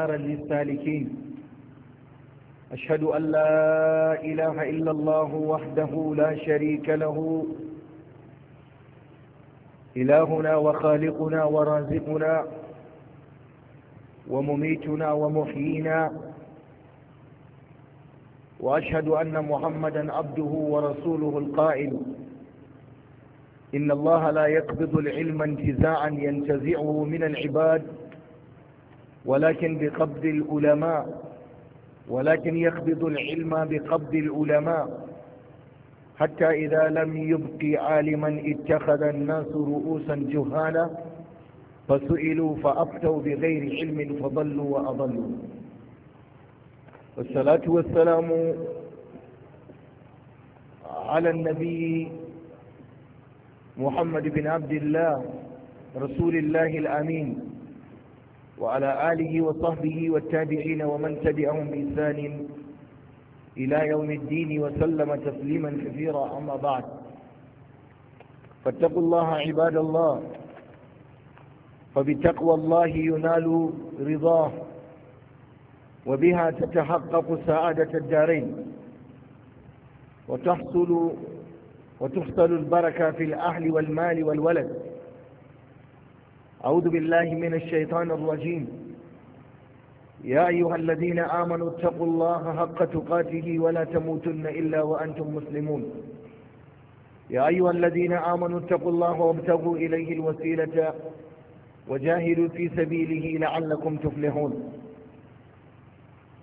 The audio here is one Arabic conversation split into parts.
نارا للسالكين أشهد أن لا إله إلا الله وحده لا شريك له إلهنا وخالقنا ورازقنا ومميتنا ومحيينا وأشهد أن محمدا عبده ورسوله القائل إن الله لا يقبض العلم انتزاعا ينتزعه من العباد ولكن بقبض العلماء ولكن يقبض العلم بقبض العلماء حتى إذا لم يبقي عالما اتخذ الناس رؤوسا جهالا فسئلوا فأفتوا بغير علم فضلوا وأضلوا والصلاة والسلام على النبي محمد بن عبد الله رسول الله الأمين وعلى آله وصحبه والتابعين ومن تبعهم بإنسان إلى يوم الدين وسلم تسليما كثيرا أما بعد فاتقوا الله عباد الله فبتقوى الله ينال رضاه وبها تتحقق سعادة الدارين وتحصل وتحصل البركة في الأهل والمال والولد أعوذ بالله من الشيطان الرجيم يا أيها الذين آمنوا اتقوا الله حق تقاته ولا تموتن إلا وأنتم مسلمون يا أيها الذين آمنوا اتقوا الله وابتغوا إليه الوسيلة وجاهدوا في سبيله لعلكم تفلحون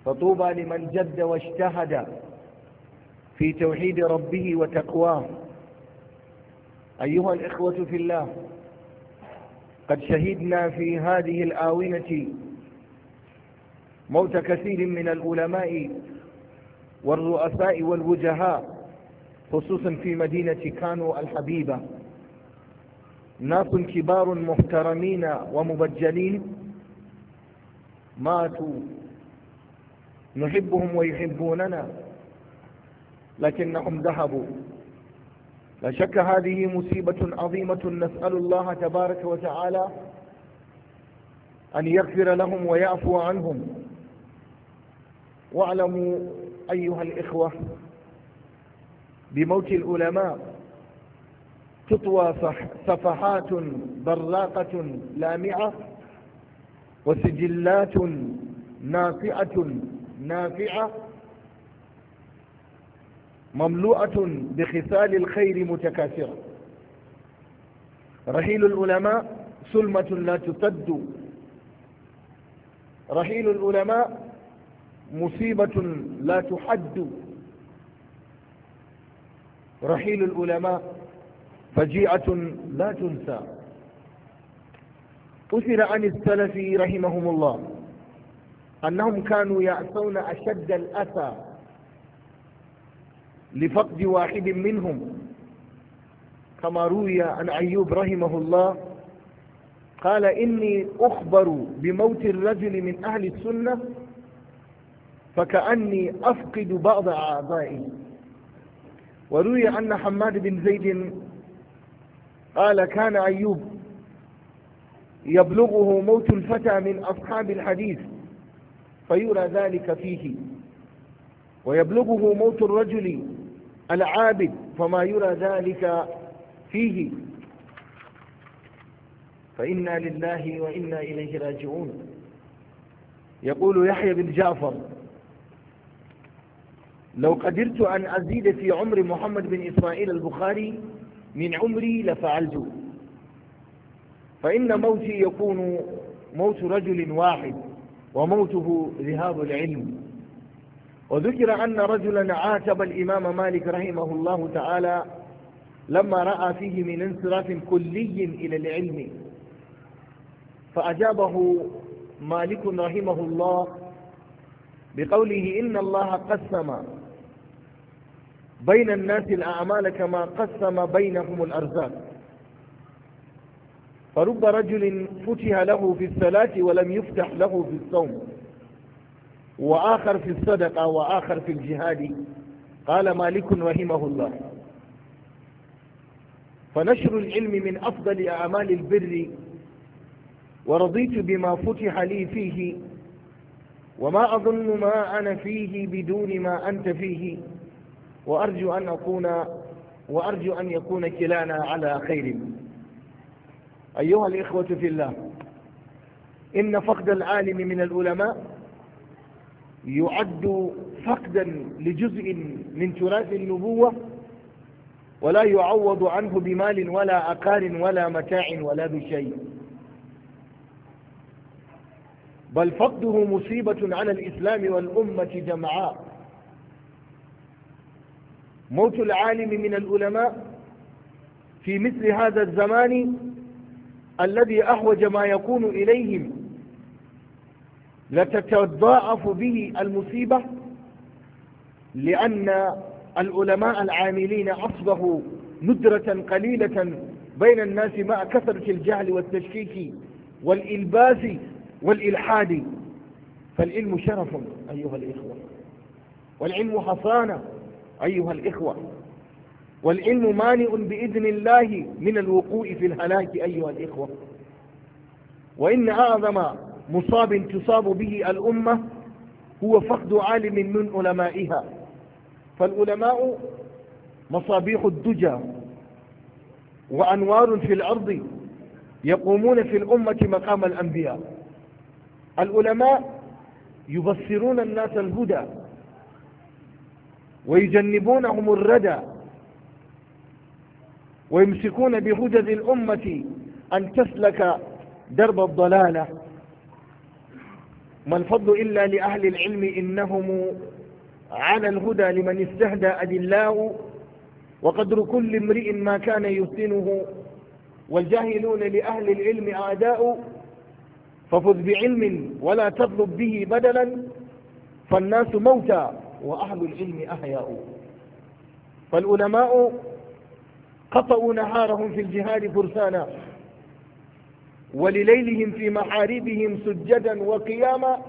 فطوبى لمن جد واجتهد في توحيد ربه وتقواه أيها الإخوة في الله قد شهدنا في هذه الآونة موت كثير من العلماء والرؤساء والوجهاء خصوصا في مدينة كانو الحبيبة ناس كبار محترمين ومبجلين ماتوا نحبهم ويحبوننا لكنهم ذهبوا لا شك هذه مصيبة عظيمة نسأل الله تبارك وتعالى أن يغفر لهم ويعفو عنهم واعلموا أيها الإخوة بموت العلماء تطوى صفحات براقة لامعة وسجلات نافعة نافعة مملوءة بخصال الخير متكاثرة رحيل العلماء سلمة لا تسد رحيل العلماء مصيبة لا تحد رحيل العلماء فجيعة لا تنسى أثر عن السلف رحمهم الله أنهم كانوا يعصون أشد الأثى لفقد واحد منهم كما روي عن أيوب رحمه الله قال إني أخبر بموت الرجل من أهل السنة فكأني أفقد بعض أعضائي وروي أن حماد بن زيد قال كان أيوب يبلغه موت الفتى من أصحاب الحديث فيرى ذلك فيه ويبلغه موت الرجل العابد فما يرى ذلك فيه فإنا لله وإنا إليه راجعون يقول يحيى بن جعفر لو قدرت أن أزيد في عمر محمد بن إسماعيل البخاري من عمري لفعلت فإن موتي يكون موت رجل واحد وموته ذهاب العلم وذكر أن رجلا عاتب الإمام مالك رحمه الله تعالى لما رأى فيه من انصراف كلي إلى العلم فأجابه مالك رحمه الله بقوله إن الله قسم بين الناس الأعمال كما قسم بينهم الأرزاق فرب رجل فتح له في الصلاة ولم يفتح له في الصوم وآخر في الصدقة وآخر في الجهاد قال مالك رحمه الله فنشر العلم من أفضل أعمال البر ورضيت بما فتح لي فيه وما أظن ما أنا فيه بدون ما أنت فيه وأرجو أن أكون وأرجو أن يكون كلانا على خير أيها الإخوة في الله إن فقد العالم من العلماء يعد فقدا لجزء من تراث النبوة ولا يعوض عنه بمال ولا عقار ولا متاع ولا بشيء بل فقده مصيبة على الإسلام والأمة جمعاء موت العالم من العلماء في مثل هذا الزمان الذي أحوج ما يكون إليهم لتتضاعف به المصيبة لأن العلماء العاملين أصبحوا ندرة قليلة بين الناس مع كثرة الجهل والتشكيك والإلباس والإلحاد فالعلم شرف أيها الإخوة والعلم حصانة أيها الإخوة والعلم مانع بإذن الله من الوقوع في الهلاك أيها الإخوة وإن أعظم مصاب تصاب به الأمة هو فقد عالم من علمائها فالعلماء مصابيح الدجى وأنوار في الأرض يقومون في الأمة مقام الأنبياء العلماء يبصرون الناس الهدى ويجنبونهم الردى ويمسكون بهدد الأمة أن تسلك درب الضلالة ما الفضل إلا لأهل العلم إنهم على الهدى لمن استهدى أدلاء وقدر كل امرئ ما كان يفتنه والجاهلون لأهل العلم أعداء ففذ بعلم ولا تطلب به بدلا فالناس موتى وأهل العلم أحياء فالعلماء قطعوا نهارهم في الجهاد فرسانا ولليلهم في محاربهم سجدا وقياما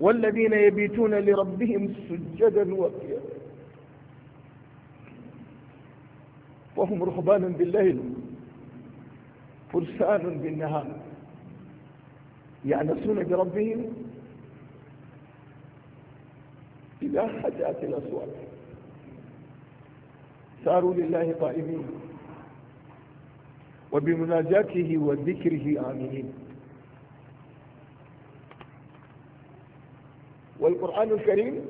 والذين يبيتون لربهم سجدا وقياما وهم رهبان بالليل فرسان بالنهار يعنسون بربهم إذا حجأت الأسواق ساروا لله قائمين وبمناجاته وذكره آمنين والقرآن الكريم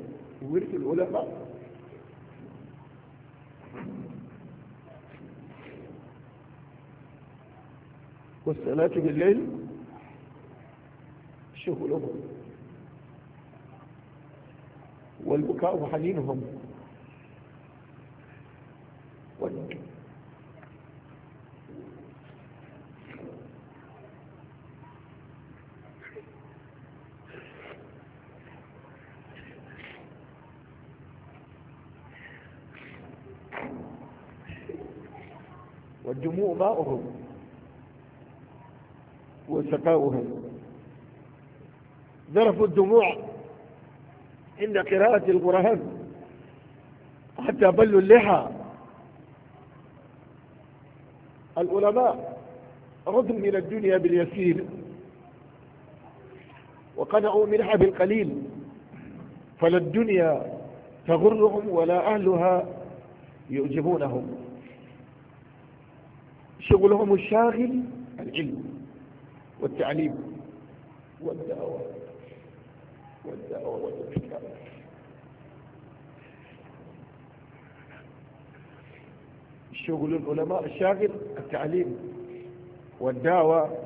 ورث العلماء والصلاة بالليل شغلهم والبكاء حنينهم وباؤهم وسقاؤهم ذرفوا الدموع عند قراءة القرآن حتى بلوا اللحى العلماء ردوا من الدنيا باليسير وقنعوا منها بالقليل فلا الدنيا تغرهم ولا أهلها يعجبونهم شغلهم الشاغل العلم والتعليم والدعوة والدعوة والإفكار شغل العلماء الشاغل التعليم والدعوة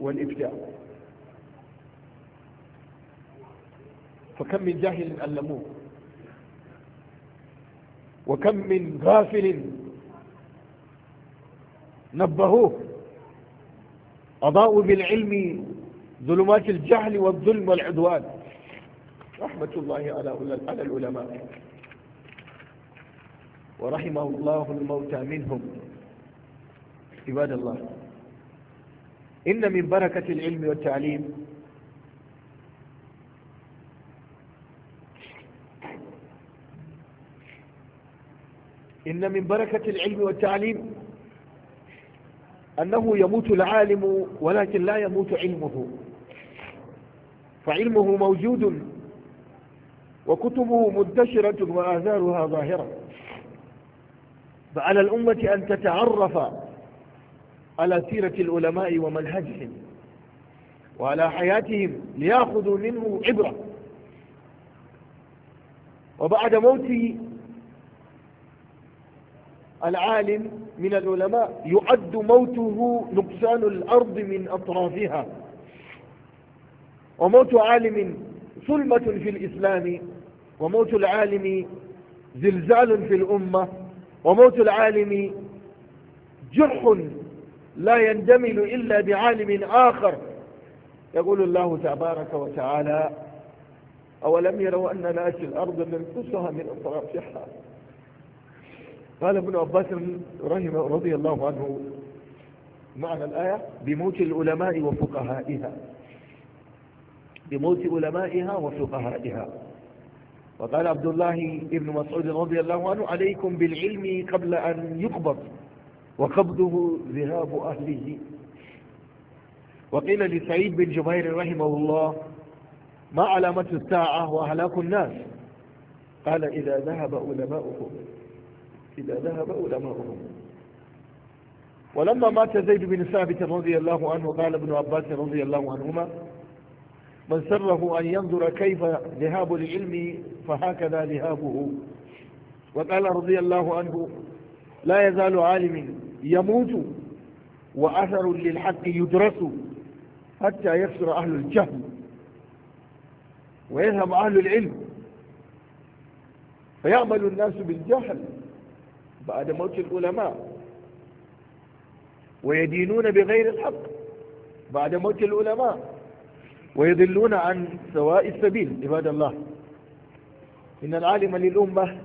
والإبداع فكم من جاهل علموه وكم من غافل نبهوه أضاءوا بالعلم ظلمات الجهل والظلم والعدوان رحمة الله على العلماء ورحمه الله الموتى منهم عباد الله إن من بركة العلم والتعليم إن من بركة العلم والتعليم أنه يموت العالم ولكن لا يموت علمه فعلمه موجود وكتبه منتشرة وآثارها ظاهرة فعلى الأمة أن تتعرف على سيرة العلماء ومنهجهم وعلى حياتهم ليأخذوا منه عبرة وبعد موته العالم من العلماء يعد موته نقصان الأرض من أطرافها وموت عالم ثلمة في الإسلام وموت العالم زلزال في الأمة وموت العالم جرح لا يندمل إلا بعالم آخر يقول الله تبارك وتعالى أولم يروا أن ناتي الأرض ننقصها من أطرافها قال ابن عباس رضي الله عنه معنى الآية بموت العلماء وفقهائها بموت علمائها وفقهائها وقال عبد الله ابن مسعود رضي الله عنه عليكم بالعلم قبل أن يقبض وقبضه ذهاب أهله وقيل لسعيد بن جبير رحمه الله ما علامة الساعة وأهلاك الناس قال إذا ذهب علماؤكم إذا ذهب علماؤهم ولما مات زيد بن ثابت رضي الله عنه قال ابن عباس رضي الله عنهما من سره أن ينظر كيف ذهاب العلم فهكذا ذهابه وقال رضي الله عنه لا يزال عالم يموت وأثر للحق يدرس حتى يكسر أهل الجهل ويذهب أهل العلم فيعمل الناس بالجهل بعد موت العلماء ويدينون بغير الحق بعد موت العلماء ويضلون عن سواء السبيل عباد الله إن العالم للأمة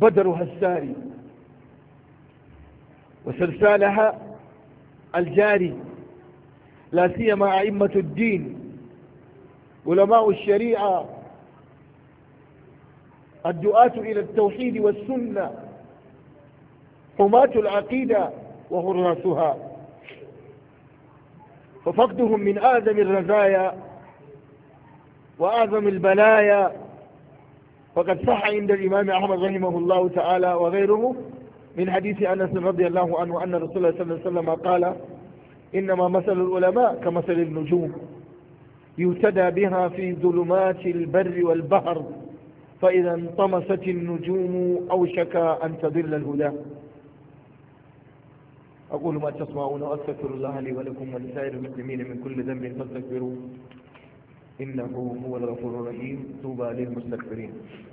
بدرها الساري وسلسالها الجاري لا سيما أئمة الدين علماء الشريعة الدعاة إلى التوحيد والسنة حماة العقيدة وغراسها ففقدهم من آذم الرزايا وأعظم البلايا فقد صح عند الإمام أحمد رحمه الله تعالى وغيره من حديث أنس رضي الله عنه أن رسول الله صلى الله عليه وسلم قال إنما مثل العلماء كمثل النجوم يهتدى بها في ظلمات البر والبحر فإذا انطمست النجوم أوشك أن تضل الهدى أقول ما تسمعون وأستغفر الله لي ولكم ولسائر المسلمين من كل ذنب فاستغفروه إنه هو الغفور الرحيم توبى للمستغفرين